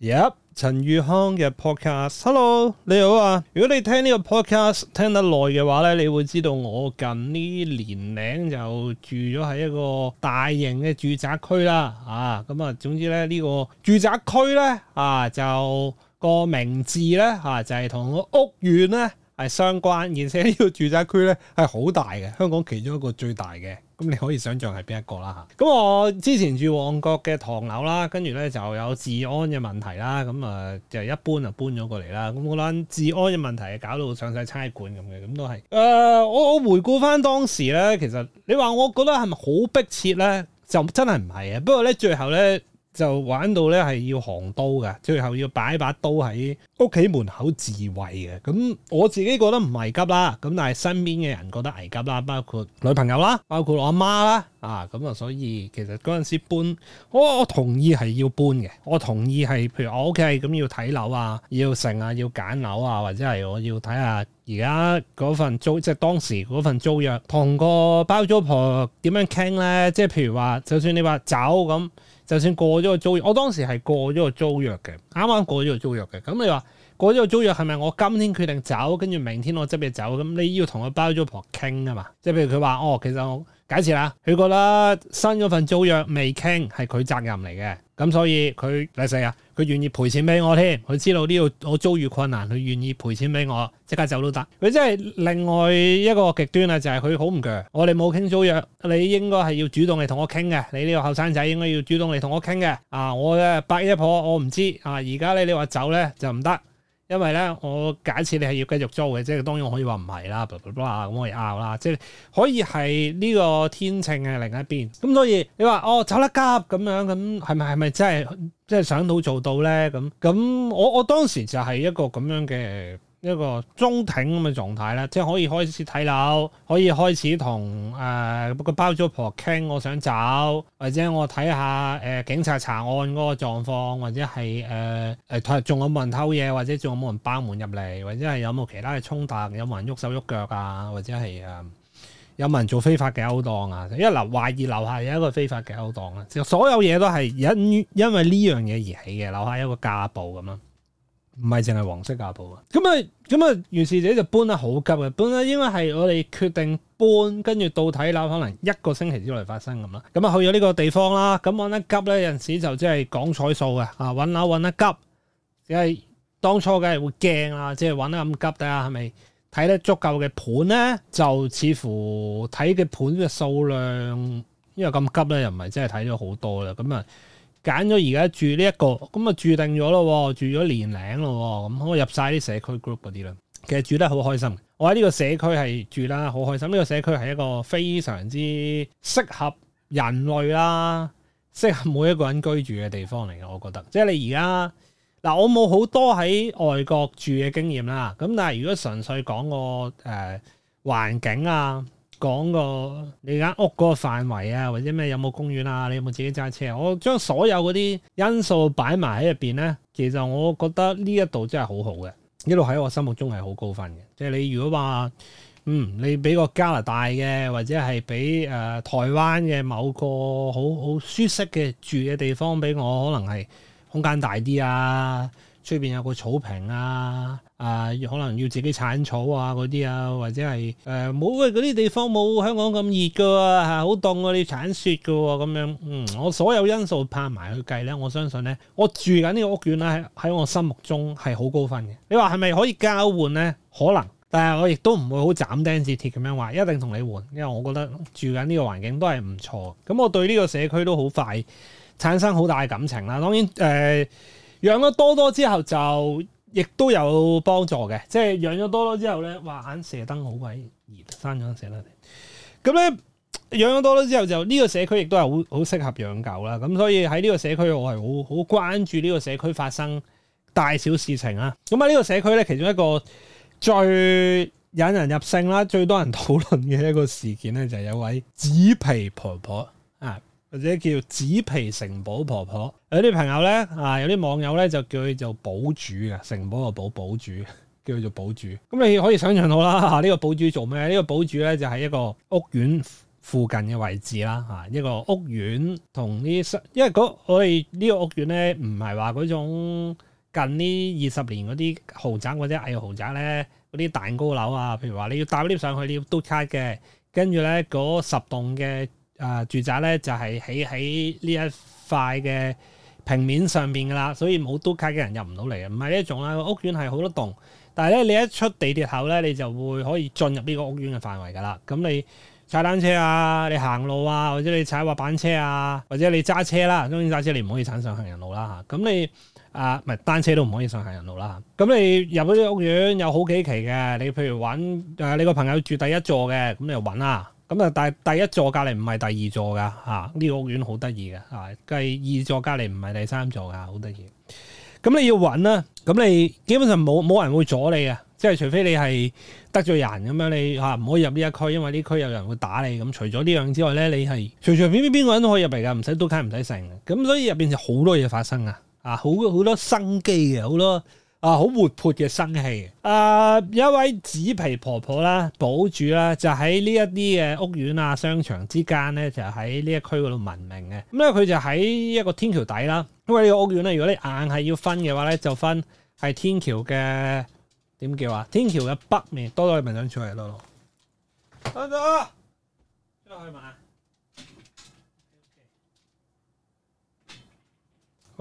耶！yep, 陳宇康嘅 podcast，hello，你好啊！如果你聽呢個 podcast 聽得耐嘅話咧，你會知道我近呢年齡就住咗喺一個大型嘅住宅區啦，啊，咁、嗯、啊，總之咧呢、呢個住宅區咧啊就個名字咧啊就係、是、同屋苑咧係相關，而且呢個住宅區咧係好大嘅，香港其中一個最大嘅。咁你可以想象係邊一個啦嚇，咁我之前住旺角嘅唐樓啦，跟住咧就有治安嘅問題啦，咁、嗯、啊就一搬就搬咗過嚟啦，咁我諗治安嘅問題搞到上晒差館咁嘅，咁都係，誒、呃、我我回顧翻當時咧，其實你話我覺得係咪好逼切咧，就真係唔係啊，不過咧最後咧。就玩到咧，係要行刀噶，最後要擺把刀喺屋企門口自衞嘅。咁我自己覺得唔危急啦，咁但係身邊嘅人覺得危急啦，包括女朋友啦，包括我阿媽啦，啊咁啊，所以其實嗰陣時搬，我我同意係要搬嘅，我同意係譬如我屋企咁要睇樓啊，要成啊，要揀樓啊，或者係我要睇下而家嗰份租，即係當時嗰份租約同個包租婆點樣傾咧？即係譬如話，就算你話走咁。就算過咗個租約，我當時係過咗個租約嘅，啱啱過咗個租約嘅。咁你話過咗個租約係咪我今天決定走，跟住明天我執你走？咁你要同佢包租婆傾啊嘛，即係譬如佢話哦，其實我。假設啦，佢覺得新嗰份租約未傾，係佢責任嚟嘅，咁所以佢第四啊，佢願意賠錢俾我添，佢知道呢度我遭遇困難，佢願意賠錢俾我，即刻走都得。佢真係另外一個極端啦，就係佢好唔鋸，我哋冇傾租約，你應該係要主動嚟同我傾嘅，你呢個後生仔應該要主動嚟同我傾嘅啊！我嘅百一婆，我唔知啊，而家咧，你話走咧就唔得。因為咧，我假設你係要繼續租嘅，即係當然我可以話唔係啦，噋噋噋咁我又拗啦，即係可以係呢個天秤嘅另一邊。咁所以你話哦，走得急咁樣，咁係咪係咪真係真係想到做到咧？咁咁我我當時就係一個咁樣嘅。一個中停咁嘅狀態咧，即係可以開始睇樓，可以開始同誒個包租婆傾，我想找，或者我睇下誒、呃、警察查案嗰個狀況，或者係誒誒仲有冇人偷嘢，或者仲有冇人爆門入嚟，或者係有冇其他嘅衝突，有冇人喐手喐腳啊，或者係啊、嗯、有冇人做非法嘅勾當啊？一樓懷疑樓下有一個非法嘅勾當啊！其實所有嘢都係因因為呢樣嘢而起嘅，樓下有一個架步咁啊。唔係淨係黃色架步啊！咁啊，咁啊，於是者就搬得好急啊。搬咧，應該係我哋決定搬，跟住到睇樓，可能一個星期之內發生咁啦。咁啊，去咗呢個地方啦，咁揾得急咧，有陣時就即係講彩數嘅，啊，揾樓揾得急，梗係當初嘅會驚啊，即係揾得咁急，睇下係咪睇得足夠嘅盤咧，就似乎睇嘅盤嘅數量，因為咁急咧，又唔係真係睇咗好多啦，咁啊。揀咗而家住呢、這、一個咁啊，注定咗咯，住咗年零咯，咁我入晒啲社區 group 嗰啲啦。其實住得好開心，我喺呢個社區係住啦，好開心。呢、這個社區係一個非常之適合人類啦，適合每一個人居住嘅地方嚟嘅。我覺得，即係你而家嗱，我冇好多喺外國住嘅經驗啦。咁但係如果純粹講個誒、呃、環境啊～講個你間屋嗰個範圍啊，或者咩有冇公園啊？你有冇自己揸車啊？我將所有嗰啲因素擺埋喺入邊呢。其實我覺得呢一度真係好好嘅，呢度喺我心目中係好高分嘅。即係你如果話，嗯，你俾個加拿大嘅，或者係俾誒台灣嘅某個好好舒適嘅住嘅地方俾我，可能係空間大啲啊。出邊有個草坪啊，啊可能要自己鏟草啊嗰啲啊，或者係誒冇啊嗰啲地方冇香港咁熱噶，吓好凍啊，啊你鏟雪噶咁、啊、樣，嗯，我所有因素拍埋去計呢，我相信呢，我住緊呢個屋苑啦、啊，喺我心目中係好高分嘅。你話係咪可以交換呢？可能，但係我亦都唔會好斬釘截鐵咁樣話一定同你換，因為我覺得住緊呢個環境都係唔錯，咁我對呢個社區都好快產生好大嘅感情啦、啊。當然誒。呃養咗多多之後就亦都有幫助嘅，即係養咗多多之後咧，哇！眼射燈好鬼熱，閂咗射燈。咁咧養咗多多之後就呢、這個社區亦都係好好適合養狗啦。咁所以喺呢個社區我係好好關注呢個社區發生大小事情啊。咁啊呢個社區咧其中一個最引人入勝啦、最多人討論嘅一個事件咧，就係、是、有位紙皮婆婆啊。或者叫紙皮城堡婆婆，有啲朋友咧啊，有啲網友咧就叫佢做堡主嘅城堡個堡堡主，叫佢做堡主。咁你可以想象到啦，呢、啊呢個堡主做咩？呢個、寶呢個堡主咧就係、是、一個屋苑附近嘅位置啦，啊，一個屋苑同呢，因為、那個、我哋呢個屋苑咧唔係話嗰種近呢二十年嗰啲豪宅或者矮豪宅咧，嗰啲蛋糕樓啊，譬如話你要搭 lift 上去，你要嘟卡嘅，跟住咧嗰十棟嘅。誒、呃、住宅咧就係喺喺呢一塊嘅平面上邊噶啦，所以冇嘟卡嘅人入唔到嚟嘅，唔係呢一種啦。屋苑係好多棟，但係咧你一出地鐵口咧，你就會可以進入呢個屋苑嘅範圍噶啦。咁你踩單車啊，你行路啊，或者你踩滑板車啊，或者你揸車啦，當然揸車你唔可以踩上行人路啦嚇。咁你啊，唔係單車都唔可以上行人路啦。咁你，呃、你入嗰啲屋苑有好幾期嘅，你譬如揾誒、呃、你個朋友住第一座嘅，咁你就揾啊。咁啊，第第一座隔籬唔係第二座噶，吓、啊、呢、這個屋苑好得意嘅，吓、啊、繼二座隔籬唔係第三座噶，好得意。咁你要揾啦，咁你基本上冇冇人會阻你啊，即係除非你係得罪人咁樣，你吓唔、啊、可以入呢一區，因為呢區有人會打你。咁除咗呢樣之外咧，你係隨隨便便邊個人都可以入嚟噶，唔使都睇唔使成。咁所以入邊就好多嘢發生啊，啊好好多生機嘅好多。啊，好活潑嘅生氣啊！一位紙皮婆婆啦，堡主啦，就喺呢一啲嘅屋苑啊、商場之間咧，就喺呢一區嗰度聞名嘅。咁、嗯、咧，佢就喺一個天橋底啦。咁為呢個屋苑咧，如果你硬係要分嘅話咧，就分係天橋嘅點叫啊？天橋嘅北面，多多去文章出嚟咯。聽到啊，出、啊、去買。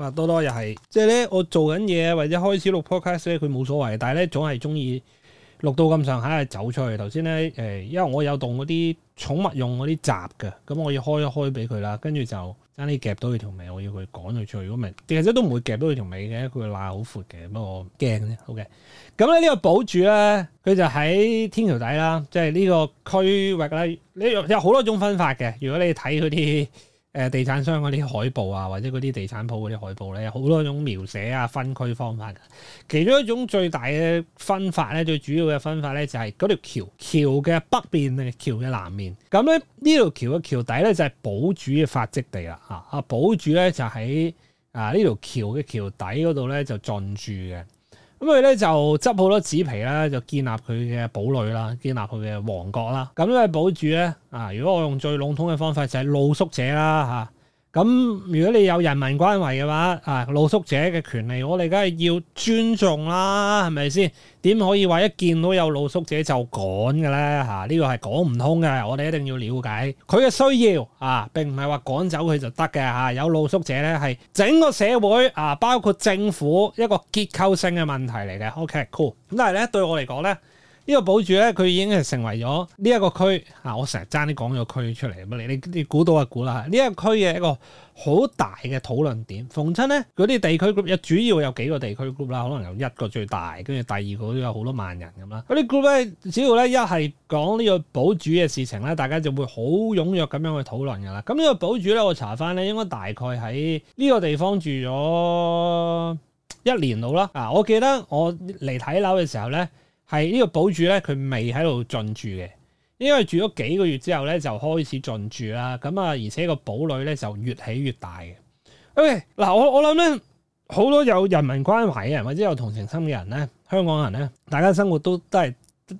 話多多又係，即係咧我做緊嘢或者開始錄 podcast 咧，佢冇所謂，但係咧總係中意錄到咁上下走出去。頭先咧，誒，因為我有棟嗰啲寵物用嗰啲閘嘅，咁我要開一開俾佢啦，跟住就爭啲夾到佢條尾，我要佢趕佢出去。如果唔係，其實都唔會夾到佢條尾嘅，佢個罅好闊嘅，不過我驚啫。OK 咁咧呢個堡主咧，佢就喺天橋底啦，即係呢個區域呢，你有好多種分法嘅。如果你睇嗰啲。誒地產商嗰啲海報啊，或者嗰啲地產鋪嗰啲海報咧，有好多種描寫啊，分區方法嘅。其中一種最大嘅分法咧，最主要嘅分法咧，就係嗰條橋，橋嘅北面啊，橋嘅南面。咁咧呢條橋嘅橋底咧就係堡主嘅發跡地啦，嚇、啊！堡主咧就喺啊呢條橋嘅橋底嗰度咧就進駐嘅。咁佢咧就執好多紙皮啦，就建立佢嘅堡壘啦，建立佢嘅王國啦。咁呢個堡主咧，啊，如果我用最籠統嘅方法就係露宿者啦，嚇。咁如果你有人民關懷嘅話，啊露宿者嘅權利，我哋梗係要尊重啦，係咪先？點可以話一見到有露宿者就趕嘅咧？嚇，呢個係講唔通嘅。我哋一定要了解佢嘅需要啊，並唔係話趕走佢就得嘅嚇。有露宿者咧，係整個社會啊，包括政府一個結構性嘅問題嚟嘅。Okay, cool。咁但係咧，對我嚟講咧。呢個堡主咧，佢已經係成為咗呢、這個、一個區啊！我成日爭啲講咗區出嚟，咁你你你估到啊估啦！呢一個區嘅一個好大嘅討論點。逢親咧，嗰啲地區 group 有主要有幾個地區 group 啦，可能有一個最大，跟住第二個都有好多萬人咁啦。啲 group 咧，只要咧一係講呢個堡主嘅事情咧，大家就會好踴躍咁樣去討論噶啦。咁、這、呢個堡主咧，我查翻咧，應該大概喺呢個地方住咗一年度啦。啊，我記得我嚟睇樓嘅時候咧。係呢、這個堡主咧,佢未喺度進駐嘅，因為住咗幾個月之後咧,就開始進駐啦。咁、呃、啊,而且個堡壘咧就越起越大嘅。喂,嗱,我我諗咧,好多有人民關懷嘅人或者有同情心嘅人咧,香港人咧,大家生活都都係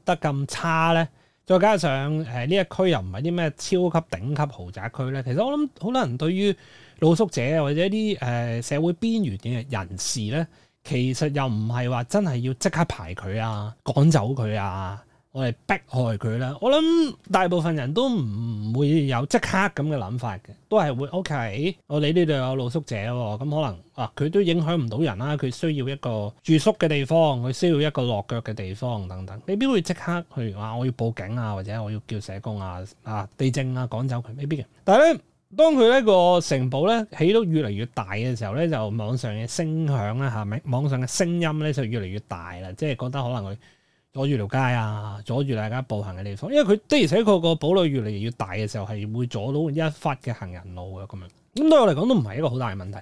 得咁差咧,再加上誒呢、呃、一區又唔係啲咩超級頂級豪宅區咧,其實我諗好多人對於露宿者或者啲誒、呃、社會邊緣嘅人士咧。其實又唔係話真係要即刻排佢啊，趕走佢啊，我哋逼害佢啦。我諗大部分人都唔會有即刻咁嘅諗法嘅，都係會。O、OK, K，我哋呢度有露宿者喎、哦，咁、嗯、可能啊佢都影響唔到人啦、啊，佢需要一個住宿嘅地方，佢需要一個落腳嘅地方等等，未必會即刻去啊！譬如話我要報警啊，或者我要叫社工啊、啊地政啊趕走佢，未必嘅。但係咧。當佢呢個城堡咧起到越嚟越大嘅時候咧，就網上嘅聲響啊，係咪？網上嘅聲音咧就越嚟越大啦。即係覺得可能佢阻住條街啊，阻住大家步行嘅地方。因為佢的而且確個堡壘越嚟越大嘅時候，係會阻到一忽嘅行人路嘅咁樣。咁對我嚟講都唔係一個好大嘅問題。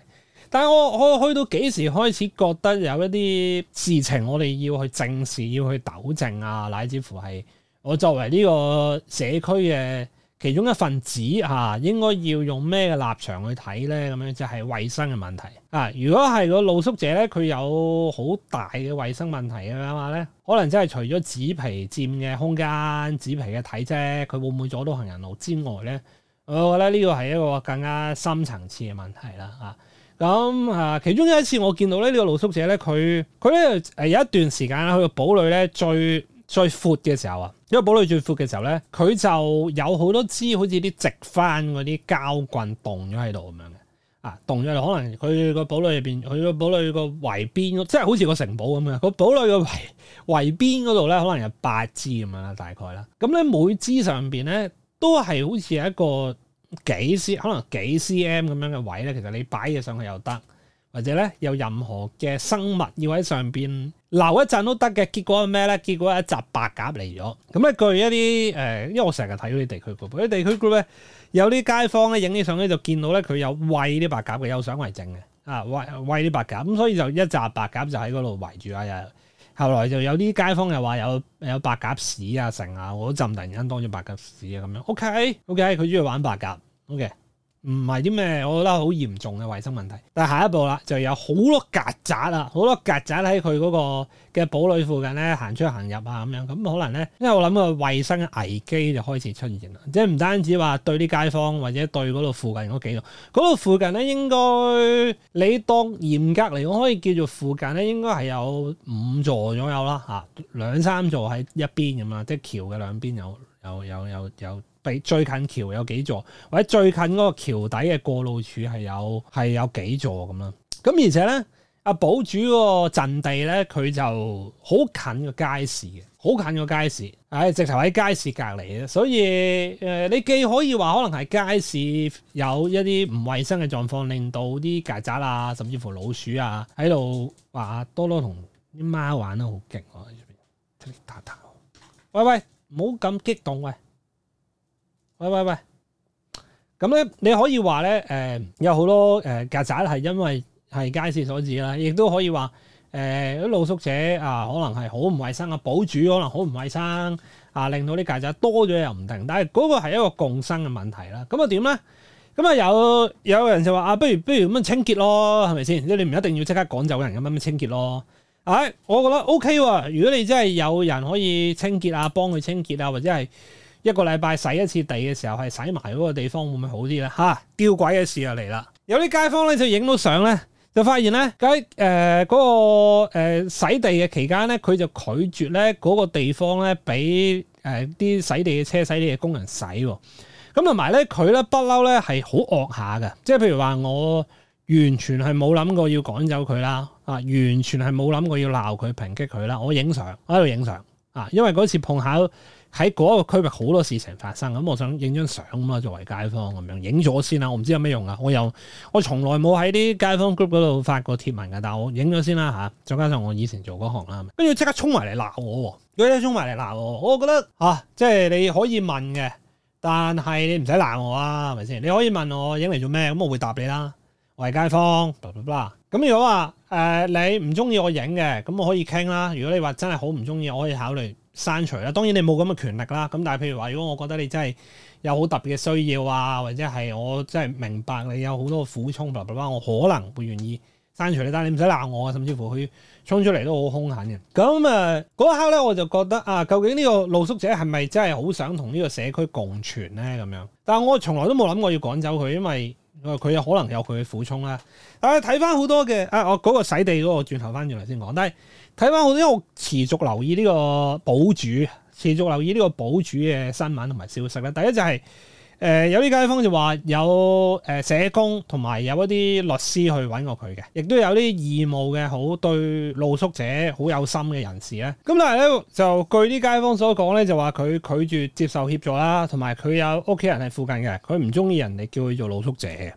但係我我去到幾時開始覺得有一啲事情我哋要去正視、要去糾正啊，乃至乎係我作為呢個社區嘅。其中一份子嚇、啊，應該要用咩嘅立場去睇咧？咁樣就係衞生嘅問題啊！如果係個露宿者咧，佢有好大嘅衞生問題嘅話咧，可能真係除咗紙皮佔嘅空間、紙皮嘅體積，佢會唔會阻到行人路之外咧？我覺得呢個係一個更加深層次嘅問題啦！嚇、啊，咁啊，其中有一次我見到咧，呢、呢個露宿者咧，佢佢咧誒有一段時間咧，佢個堡壘咧最。最闊嘅時候啊，因為堡壘最闊嘅時候咧，佢就有多 G，好多支好似啲直翻嗰啲膠棍棟咗喺度咁樣嘅，啊，棟咗喺度，可能佢個堡壘入邊，佢個堡壘個圍邊，即係好似個城堡咁樣，個堡壘個圍圍邊嗰度咧，可能有八支咁樣啦，大概啦，咁、嗯、咧每支上邊咧都係好似一個幾 C 可能幾 cm 咁樣嘅位咧，其實你擺嘢上去又得。或者咧有任何嘅生物要喺上邊留一陣都得嘅，結果係咩咧？結果一隻白鴿嚟咗，咁咧據一啲誒，因為我成日睇嗰啲地區 group 啲地區 group 咧有啲街坊咧影起相咧就見到咧佢有餵啲白鴿嘅，有相為證嘅，啊餵餵啲白鴿，咁所以就一隻白鴿就喺嗰度圍住啊，又後來就有啲街坊又話有有白鴿屎啊成啊，嗰浸突然間多咗白鴿屎啊咁樣，OK OK，佢中意玩白鴿，OK。唔係啲咩，我覺得好嚴重嘅衞生問題。但係下一步啦，就有好多曱甴啊，好多曱甴喺佢嗰個嘅堡壘附近咧行出行入啊咁樣。咁可能咧，因為我諗個衞生危機就開始出現啦。即係唔單止話對啲街坊，或者對嗰度附近嗰幾棟，嗰度附近咧應該你當嚴格嚟講，可以叫做附近咧應該係有五座左右啦嚇、啊，兩三座喺一邊咁啊，即係橋嘅兩邊有有有有有。有有有有比最近橋有幾座，或者最近嗰個橋底嘅過路處係有係有幾座咁啦。咁而且咧，阿堡主嗰個陣地咧，佢就好近個街市嘅，好近個街市。唉、哎，直頭喺街市隔離咧，所以誒、呃，你既可以話可能係街市有一啲唔衛生嘅狀況，令到啲曱甴啊，甚至乎老鼠啊喺度話多多同啲貓玩得好勁。喂、呃、喂喂，唔好咁激動喂。喂喂喂，咁咧你可以話咧，誒、呃、有好多誒曱甴係因為係街市所致啦，亦都可以話誒啲露宿者啊，可能係好唔衛生啊，堡主可能好唔衛生啊，令到啲曱甴多咗又唔停，但係嗰個係一個共生嘅問題啦。咁啊點咧？咁啊有有人就話啊，不如不如咁清潔咯，係咪先？即係你唔一定要即刻趕走人咁樣清潔咯。唉、哎，我覺得 OK 喎，如果你真係有人可以清潔啊，幫佢清潔啊，或者係。一個禮拜洗一次地嘅時候，係洗埋嗰個地方會唔會好啲咧？嚇、啊，吊詭嘅事又嚟啦！有啲街坊咧就影到相咧，就發現咧，喺誒嗰個、呃、洗地嘅期間咧，佢就拒絕咧嗰個地方咧，俾誒啲洗地嘅車洗地嘅工人洗喎。咁同埋咧，佢咧不嬲咧係好惡下嘅，即係譬如話，我完全係冇諗過要趕走佢啦，啊，完全係冇諗過要鬧佢、抨擊佢啦。我影相，我喺度影相啊，因為嗰次碰巧。喺嗰一個區域好多事情發生，咁我想影張相啦，作為街坊咁樣，影咗先啦。我唔知有咩用啊，我又我從來冇喺啲街坊 group 嗰度發過貼文㗎，但係我影咗先啦嚇。再加上我以前做嗰行啦，跟住即刻衝埋嚟鬧我，如果衝埋嚟鬧我，我覺得嚇、啊，即係你可以問嘅，但係你唔使鬧我啊，係咪先？你可以問我影嚟做咩，咁我會答你啦。我係街坊，咁如果話誒、呃、你唔中意我影嘅，咁我可以傾啦。如果你話真係好唔中意，我可以考慮。刪除啦，當然你冇咁嘅權力啦。咁但係譬如話，如果我覺得你真係有好特別嘅需要啊，或者係我真係明白你有好多苦衷，blah blah blah，我可能會願意刪除你。但係你唔使鬧我啊，甚至乎佢衝出嚟都好兇狠嘅。咁啊嗰一刻咧，我就覺得啊，究竟呢個露宿者係咪真係好想同呢個社區共存咧？咁樣，但係我從來都冇諗過要趕走佢，因為佢有可能有佢嘅苦衷啦。啊，睇翻好多嘅啊，我嗰個洗地嗰個轉頭翻嚟先講，但係。睇翻好，因為我持續留意呢個堡主，持續留意呢個堡主嘅新聞同埋消息咧。第一就係、是，誒、呃、有啲街坊就話有誒社工同埋有一啲律師去揾過佢嘅，亦都有啲義務嘅好對露宿者好有心嘅人士咧。咁但係咧就據啲街坊所講咧，就話佢拒絕接受協助啦，同埋佢有屋企人係附近嘅，佢唔中意人哋叫佢做露宿者嘅。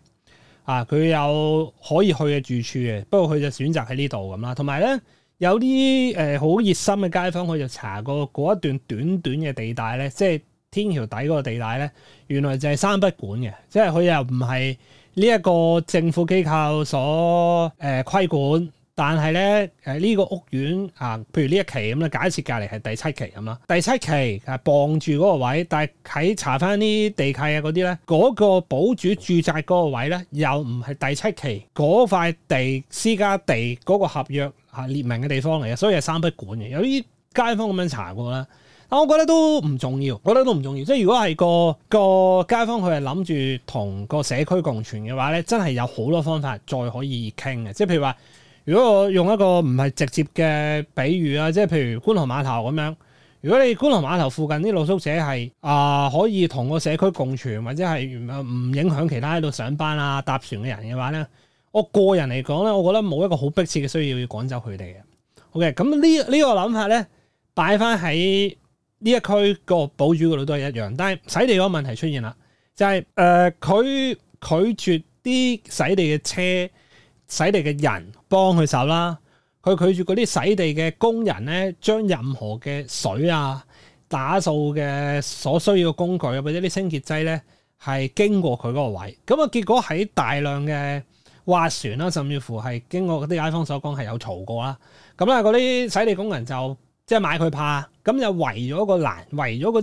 啊，佢有可以去嘅住處嘅，不過佢就選擇喺呢度咁啦，同埋咧。有啲誒好熱心嘅街坊，佢就查過嗰一段短短嘅地帶咧，即係天橋底嗰個地帶咧，原來就係三不管嘅，即係佢又唔係呢一個政府機構所誒、呃、規管。但係咧，誒、這、呢個屋苑啊，譬如呢一期咁啦，假設隔離係第七期咁啦，第七期啊，傍住嗰個位，但係喺查翻啲地契啊嗰啲咧，嗰、那個堡主住，住宅嗰個位咧，又唔係第七期嗰塊地私家地嗰個合約係列明嘅地方嚟嘅，所以係三不管嘅。有啲街坊咁樣查過啦，但我覺得都唔重要，我覺得都唔重要。即係如果係個個街坊佢係諗住同個社區共存嘅話咧，真係有好多方法再可以傾嘅，即係譬如話。如果我用一個唔係直接嘅比喻啊，即係譬如觀塘碼頭咁樣，如果你觀塘碼頭附近啲露宿者係啊、呃、可以同個社區共存，或者係唔影響其他喺度上班啊搭船嘅人嘅話咧，我個人嚟講咧，我覺得冇一個好迫切嘅需要要趕走佢哋嘅。好、okay, 嘅，咁呢呢個諗法咧，擺翻喺呢一區個堡主嗰度都係一樣，但係洗地嗰個問題出現啦，就係、是、誒、呃、拒拒絕啲洗地嘅車。洗地嘅人幫佢手啦，佢拒絕嗰啲洗地嘅工人咧，將任何嘅水啊、打掃嘅所需要嘅工具啊，或者啲清潔劑咧，係經過佢嗰個位。咁啊，結果喺大量嘅劃船啦，甚至乎係經過啲 iPhone 所講係有嘈過啦。咁啦，嗰啲洗地工人就即係買佢怕，咁就圍咗個欄，圍咗嗰啲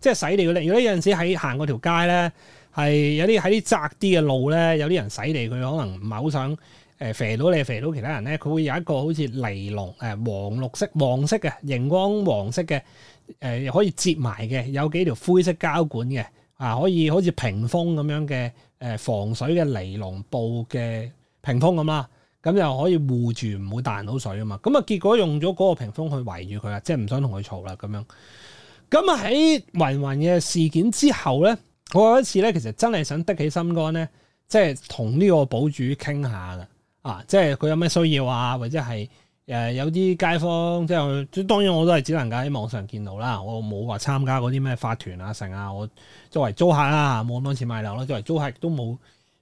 即係洗地嘅力。有啲有陣時喺行嗰條街咧。係有啲喺啲窄啲嘅路咧，有啲人洗地，佢可能唔係好想誒啡、呃、到你，肥到其他人咧，佢會有一個好似尼龍誒黃綠色、黃色嘅螢光黃色嘅誒，可以摺埋嘅，有幾條灰色膠管嘅啊，可以好似屏風咁樣嘅誒、呃、防水嘅尼龍布嘅屏風咁啦，咁又可以護住唔會彈到水啊嘛，咁啊結果用咗嗰個屏風去圍住佢啊，即係唔想同佢嘈啦咁樣。咁啊喺雲雲嘅事件之後咧。我有一次咧，其實真係想得起心肝咧，即係同呢個堡主傾下噶，啊，即係佢有咩需要啊，或者係誒、呃、有啲街坊，即係當然我都係只能夠喺網上見到啦。我冇話參加嗰啲咩法團啊成啊，我作為租客啦，冇咁多錢買樓啦，作為租客亦都冇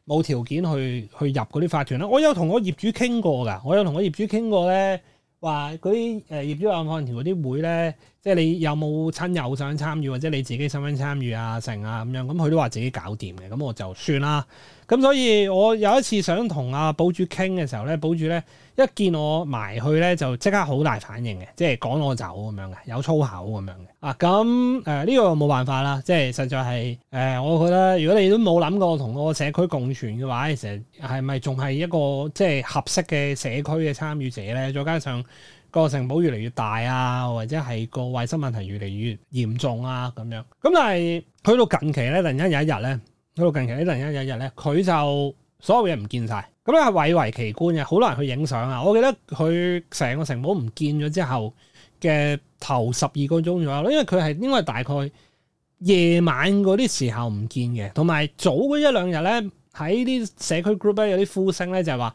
冇條件去去入嗰啲法團啦、啊。我有同我業主傾過噶，我有同我業主傾過咧，話嗰啲誒業主暗訪團嗰啲會咧。即係你有冇親友想參與，或者你自己想唔想參與啊？成啊咁樣，咁佢都話自己搞掂嘅，咁我就算啦。咁所以，我有一次想同阿堡主傾嘅時候咧，堡主咧一見我埋去咧，就即刻好大反應嘅，即係趕我走咁樣嘅，有粗口咁樣嘅。啊，咁誒呢個冇辦法啦，即係實在係誒、呃，我覺得如果你都冇諗過同個社區共存嘅話，其實係咪仲係一個即係合適嘅社區嘅參與者咧？再加上。個城堡越嚟越大啊，或者係個衞生問題越嚟越嚴重啊咁樣。咁但係去到近期咧，突然間有一日咧，去到近期咧，突然間有一日咧，佢就所有嘢唔見晒。咁咧係蔚為奇觀嘅，好多人去影相啊。我記得佢成個城堡唔見咗之後嘅頭十二個鐘左右，因為佢係應該大概夜晚嗰啲時候唔見嘅，同埋早嗰一兩日咧，喺啲社區 group 咧有啲呼聲咧就係話。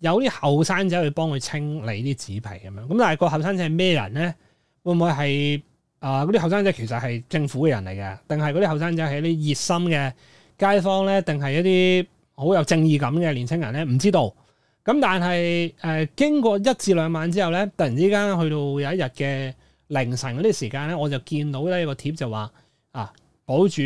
有啲後生仔去幫佢清理啲紙皮咁樣，咁但係個後生仔係咩人咧？會唔會係啊？嗰啲後生仔其實係政府嘅人嚟嘅，定係嗰啲後生仔係啲熱心嘅街坊咧？定係一啲好有正義感嘅年青人咧？唔知道。咁但係誒、呃，經過一至兩晚之後咧，突然之間去到有一日嘅凌晨嗰啲時間咧，我就見到呢個貼就話啊，堡主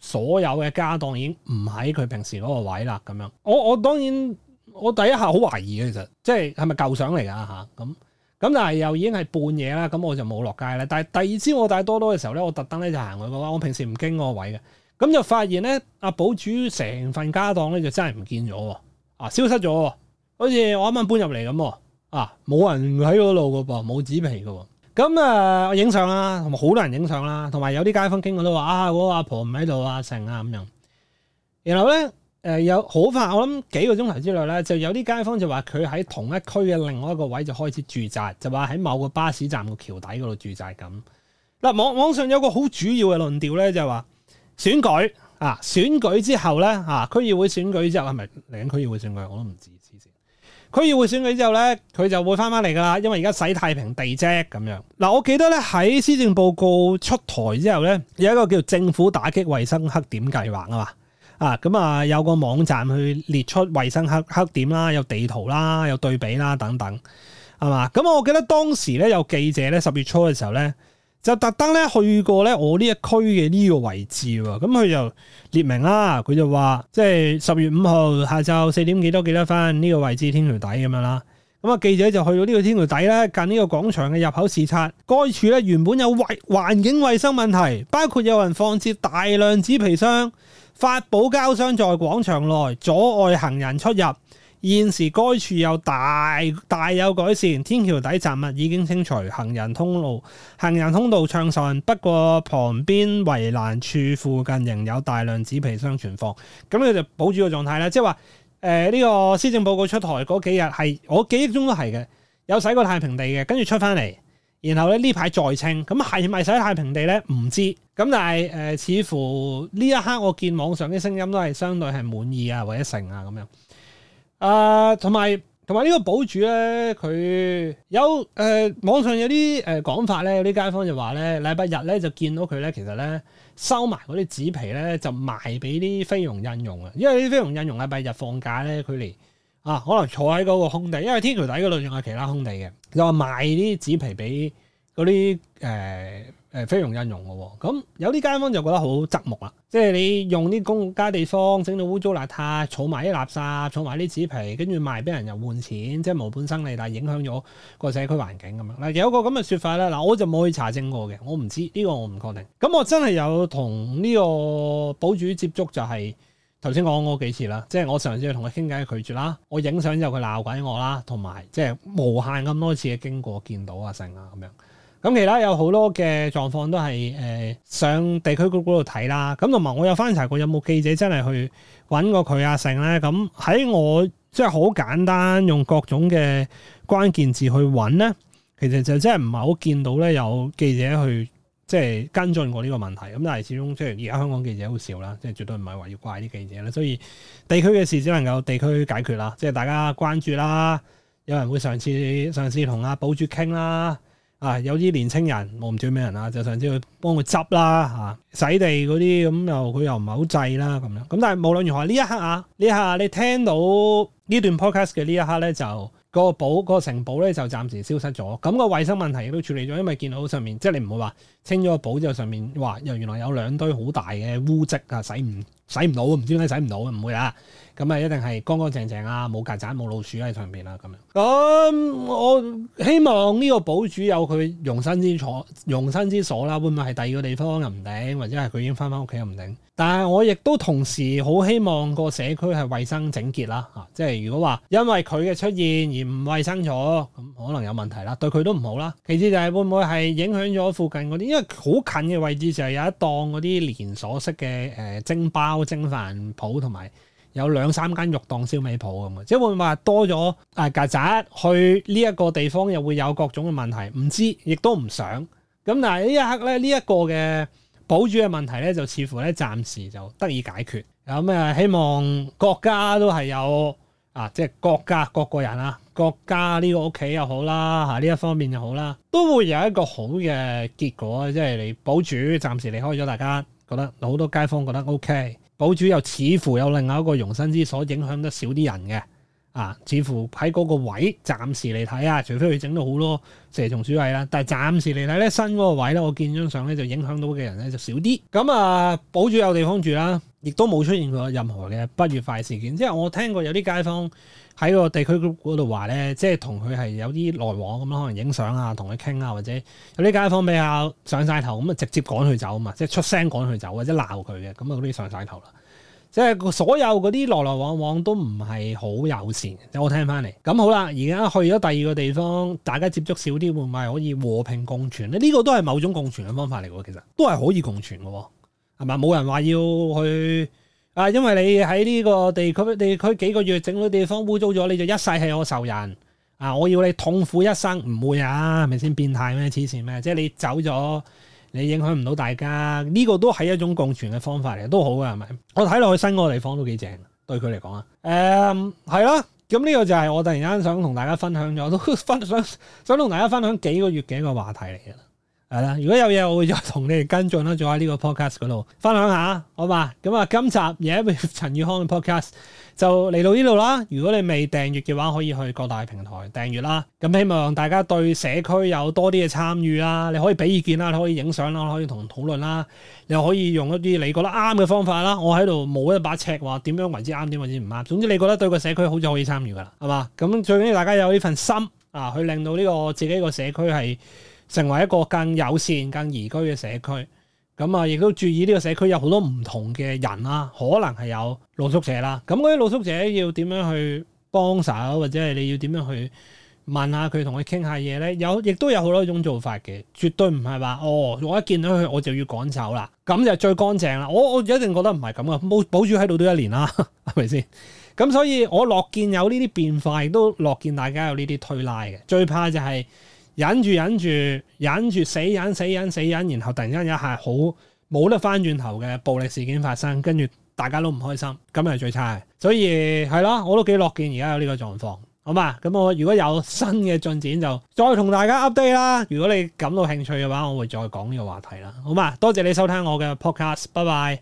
所有嘅家當已經唔喺佢平時嗰個位啦，咁樣。我我當然。我第一下好懷疑嘅，其實即係係咪舊相嚟㗎嚇？咁、啊、咁但係又已經係半夜啦，咁我就冇落街啦。但係第二朝我帶多多嘅時候咧，我特登咧就行佢個話，我平時唔經嗰位嘅，咁就發現咧阿堡主成份家當咧就真係唔見咗喎，啊消失咗喎，好似我啱啱搬入嚟咁啊，冇人喺嗰度㗎噃，冇紙皮㗎喎。咁誒，我影相啦，同埋好多人影相啦，同埋有啲街坊傾我都話啊，我、嗰個、阿婆唔喺度啊，剩啊咁樣。然後咧。誒，有好快，我諗幾個鐘頭之內咧，就有啲街坊就話佢喺同一區嘅另外一個位就開始住宅，就話喺某個巴士站個橋底嗰度住宅咁。嗱，網網上有個好主要嘅論調咧，就係話選舉啊，選舉之後咧啊，區議會選舉之後係咪嚟緊區議會選舉，我都唔知。區議會選舉之後咧，佢就會翻翻嚟噶啦，因為而家洗太平地啫咁樣。嗱、啊，我記得咧喺施政報告出台之後咧，有一個叫政府打擊衛生黑點計劃啊嘛。啊，咁啊有個網站去列出衞生黑黑點啦，有地圖啦，有對比啦等等，係嘛？咁我記得當時咧，有記者咧十月初嘅時候咧，就特登咧去過咧我呢一區嘅呢個位置喎。咁佢就列明啦，佢就話即係十月五號下晝四點幾多幾多分呢個位置天橋底咁樣啦。咁啊記者就去到呢個天橋底咧，近呢個廣場嘅入口視察，該處咧原本有衞環境衞生問題，包括有人放置大量紙皮箱。法寶交箱在廣場內阻礙行人出入，現時該處又大大有改善，天橋底雜物已經清除，行人通路行人通道暢順。不過旁邊圍欄處附近仍有大量紙皮箱存放，咁佢就保住個狀態啦。即係話誒呢個施政報告出台嗰幾日係我記憶中都係嘅，有洗過太平地嘅，跟住出翻嚟。然後咧呢排再清，咁係咪使太平地咧？唔知咁，但係誒、呃，似乎呢一刻我見網上啲聲音都係相對係滿意啊或者成啊咁樣。誒、呃，同埋同埋呢個堡主咧，佢有誒、呃、網上有啲誒講法咧，有啲街坊就話咧禮拜日咧就見到佢咧，其實咧收埋嗰啲紙皮咧就賣俾啲菲傭印傭啊，因為啲菲傭印傭禮拜日放假咧，佢嚟，啊可能坐喺嗰個空地，因為天橋底嗰度仲有其他空地嘅。又話賣啲紙皮俾嗰啲誒誒菲傭印傭嘅喎，咁有啲街坊就覺得好側目啦，即係你用啲公家地方整到污糟邋遢，儲埋啲垃圾，儲埋啲紙皮，跟住賣俾人又換錢，即係無本生利，但係影響咗個社區環境咁樣。嗱，有個咁嘅説法咧，嗱，我就冇去查證過嘅，我唔知呢、呢個我唔確定。咁我真係有同呢個堡主接觸，就係、是。頭先講過幾次啦，即係我嘗試去同佢傾偈拒絕啦，我影相之後佢鬧鬼我啦，同埋即係無限咁多次嘅經過見到阿成啊咁樣，咁其他有好多嘅狀況都係誒、呃、上地區嗰度睇啦，咁同埋我有翻查過有冇記者真係去揾過佢阿成咧，咁喺我即係好簡單用各種嘅關鍵字去揾咧，其實就真係唔係好見到咧有記者去。即係跟進過呢個問題，咁但係始終即係而家香港記者好少啦，即係絕對唔係話要怪啲記者啦，所以地區嘅事只能夠地區解決啦，即係大家關注啦，有人會上次上次同阿堡主傾啦，啊有啲年青人我唔知咩人啊，就上次去幫佢執啦嚇洗地嗰啲咁，又佢又唔係好制啦咁樣，咁但係無論如何呢一刻啊呢一刻你聽到呢段 podcast 嘅呢一刻咧就。個堡、個城堡咧就暫時消失咗，咁個衞生問題亦都處理咗，因為見到上面即係你唔會話清咗個堡之後上面話又原來有兩堆好大嘅污跡啊，洗唔～洗唔到，唔知點解洗唔到啊！唔會啦，咁啊一定係乾乾淨淨啊，冇曱甴、冇老鼠喺上邊啦，咁樣。咁、嗯、我希望呢個堡主有佢容，容身之所、容身之所啦。會唔會係第二個地方唔定，或者係佢已經翻返屋企唔定？但係我亦都同時好希望個社區係衞生整潔啦嚇。即係如果話因為佢嘅出現而唔衞生咗，咁可能有問題啦，對佢都唔好啦。其次就係會唔會係影響咗附近嗰啲？因為好近嘅位置就係有一檔嗰啲連鎖式嘅誒蒸包。蒸飯鋪同埋有兩三間肉檔、燒味鋪咁啊，即係會唔會話多咗啊？曱甴去呢一個地方又會有各種嘅問題，唔知亦都唔想咁。但嗱，呢一刻咧，呢一個嘅堡主嘅問題咧，就似乎咧暫時就得以解決。咁、嗯、啊，希望國家都係有啊，即係國家、各個人啊、國家呢個屋企又好啦，吓、啊、呢一方面又好啦，都會有一個好嘅結果，即係你堡主暫時離開咗，大家覺得好多街坊覺得 OK。堡主又似乎有另外一個容身之所，影響得少啲人嘅。啊，似乎喺嗰個位暫時嚟睇啊，除非佢整到好多蛇蟲鼠蟻啦，但係暫時嚟睇咧，新嗰個位咧，我見張相咧就影響到嘅人咧就少啲。咁、嗯、啊，堡主有地方住啦，亦都冇出現過任何嘅不愉快事件。即係我聽過有啲街坊喺個地區嗰度話咧，即係同佢係有啲來往咁啦，可能影相啊，同佢傾啊，或者有啲街坊比較上晒頭咁啊，直接趕佢走嘛，即係出聲趕佢走或者鬧佢嘅，咁啊嗰啲上晒頭啦。即係所有嗰啲來來往往都唔係好友善，即我聽翻嚟。咁好啦，而家去咗第二個地方，大家接觸少啲，會唔會可以和平共存咧？呢、呢個都係某種共存嘅方法嚟嘅，其實都係可以共存嘅，係嘛？冇人話要去啊，因為你喺呢個地區地區幾個月整個地方污糟咗，你就一世係我仇人啊！我要你痛苦一生，唔會啊？係咪先變態咩？黐線咩？即係你走咗。你影響唔到大家，呢、這個都係一種共存嘅方法嚟，都好嘅，係咪？我睇落去新嘅地方都幾正，對佢嚟講啊，誒、嗯，係啦。咁呢個就係我突然間想同大家分享咗，都分享想同大家分享幾個月嘅一個話題嚟嘅啦，係啦。如果有嘢，我會再同你哋跟進啦，再喺呢個 podcast 嗰度分享下，好嘛？咁、嗯、啊，今集嘢陳宇康嘅 podcast。就嚟到呢度啦！如果你未訂閱嘅話，可以去各大平台訂閱啦。咁希望大家對社區有多啲嘅參與啦，你可以俾意見啦，你可以影相啦，可以同人討論啦，又可以用一啲你覺得啱嘅方法啦。我喺度冇一把尺話點樣為之啱，點為之唔啱。總之你覺得對個社區好似可以參與噶啦，係嘛？咁最緊要大家有呢份心啊，去令到呢個自己個社區係成為一個更友善、更宜居嘅社區。咁啊，亦、嗯、都注意呢個社區有好多唔同嘅人啦、啊，可能係有露宿者啦。咁嗰啲露宿者要點樣去幫手，或者係你要點樣去問下佢，同佢傾下嘢咧？有，亦都有好多種做法嘅，絕對唔係話哦，我一見到佢我就要趕走啦，咁就最乾淨啦。我我一定覺得唔係咁㗎，堡堡主喺度都一年啦，係咪先？咁、嗯、所以，我樂見有呢啲變化，亦都樂見大家有呢啲推拉嘅。最怕就係、是。忍住忍住忍住死忍死忍死忍，然後突然間一下好冇得返轉頭嘅暴力事件發生，跟住大家都唔開心，咁係最差嘅。所以係咯，我都幾樂見而家有呢個狀況，好嘛？咁我如果有新嘅進展就再同大家 update 啦。如果你感到興趣嘅話，我會再講呢個話題啦。好嘛，多謝你收聽我嘅 podcast，拜拜。